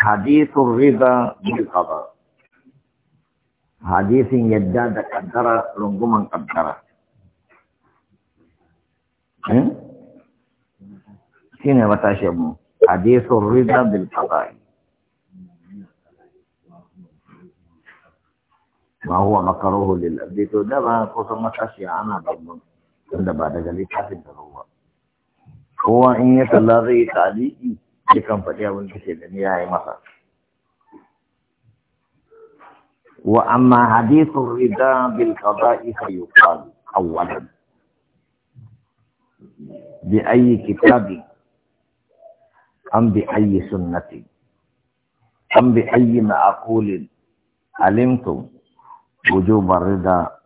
حديث الرضا بالقضاء حديث يداد قدرة رنقما قدرة شنو متاشمو حديث الرضا بالقضاء ما هو مكروه للأبديت ده ما قصة متاشي أنا ضمن عند بعد ذلك حسب هو هو إن يتلاغي تعليقي dukan faɗi abin da ke da ni ya yi masa wa amma hadithun rida bil qada'i fa yuqalu awwalan bi ayi kitabi am bi ayi sunnati am bi ayi ma'qulin alimtum wujub ar-rida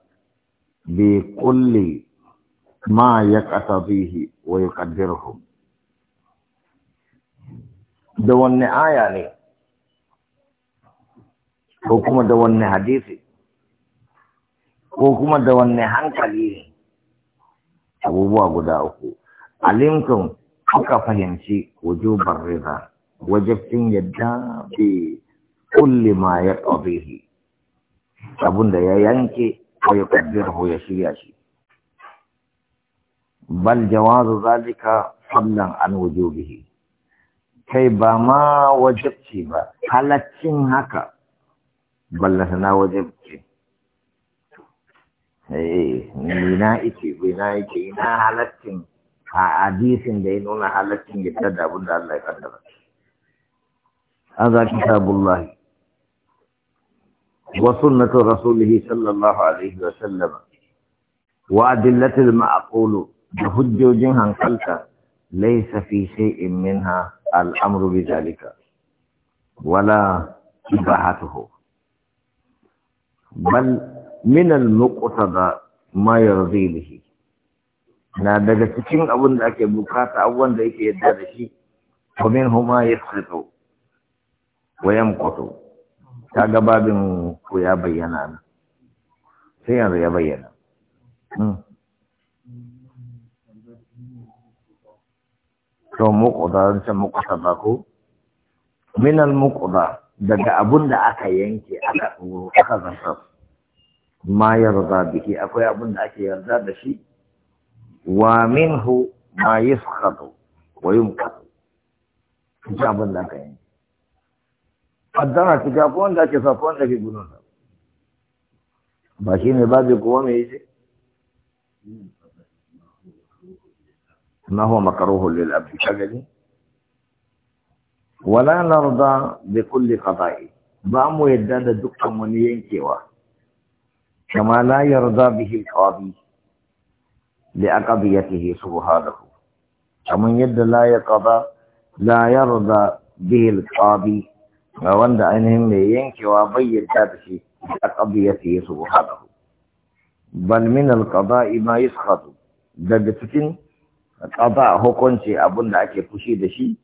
bi kulli ma yaqtadihi wa yuqaddiruhu da wanne aya ne ko kuma da wanne hadisi ko kuma da wanne hankali ne abubuwa guda uku alimtum kuka fahimci wujubar rida wajabcin yadda bi kulli ma ya abin abinda ya yanke ko ya ko ya shirya shi bal jawazu zalika fallan an wujubihi kai ba ma wajabci ba halaccin haka ballata na wajabci eh na ike na ike ina halaccin a hadisin da ya nuna halaccin yadda da abin da Allah ya kaddara an za kitabullahi wa sunnatu rasulih sallallahu alaihi wa sallam wa adillatul ma'qulu da hujjojin hankalta laysa fi shay'in minha al'amru bi zalika wala ibahatuhu bal min al-muqtada ma na daga cikin abin da ake bukata abubuwan da yake yadda da shi wa huma ma yasqutu wa yamqutu kaga babin ku ya bayyana sai yanzu ya bayyana to muqda ta muqta ba ko min al muqda daga abun da aka yanke aka tsoro aka zanta ma yarda biki akwai abun da ake yarda da shi wa minhu ma yaskhatu wa yumka shi abun da aka yanke qaddara ta ga ko wanda ake sa ko wanda ke gudun ba shi ne babu kowa mai yi ما هو مكروه للأب كجدي ولا نرضى بكل قضاء بام يدد دكتور من ينكوا كما لا يرضى به القاضي لأقضيته سبحانه كما يد لا يقضى لا يرضى به القاضي عينهم ليين ينكوا بي ذاته لأقضيته سبحانه بل من القضاء ما يسخط دد qada hukunci abun da ake fushi da shi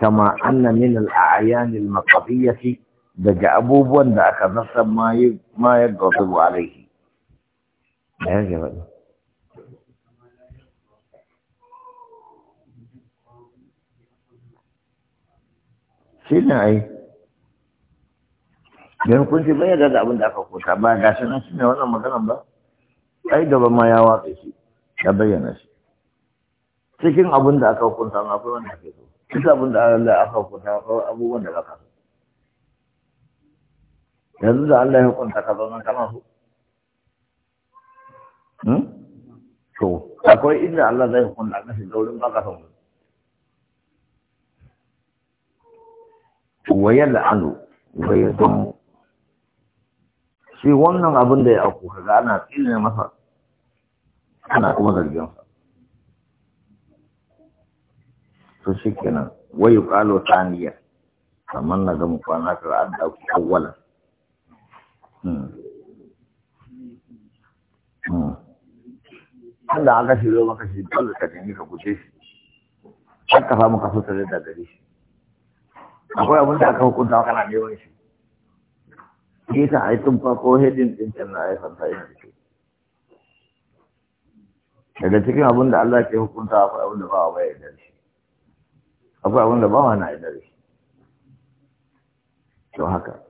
kama anna min al-a'yan al-maqdiyyah daga abubuwan da aka nasa ma yi ma ya gautu alaihi ya ga ba shi ne ai don hukunci bai yarda da abin da aka kusa ba ga shi nan shi ne wannan maganan ba ai gaba ma ya watsa shi ya bayyana shi cikin abin da aka hukunta ma akwai wanda ake so cikin abin da Allah aka hukunta akwai abubuwan da baka so yanzu da Allah ya hukunta ka zaunan kana so hmm? to akwai inda Allah zai hukunta ka shi daurin baka so wa yal'anu wa yadun shi wannan abin da ya auku kaga ana tsine masa ana kuma zargin sa to shi kenan wayu kalo taniya kamar na zama kwana ka an ku awwala hmm. hmm. Allah aka zo maka shi dole ka nemi ka guje shi har ka samu kaso ta da gare shi akwai abin da aka hukunta kana neman shi ke ta aikin farko hedin din can na aikin ta yin jiki daga cikin abin da Allah ke hukunta akwai abin da ba a bayar da shi akwai abin da ba wa na idare to haka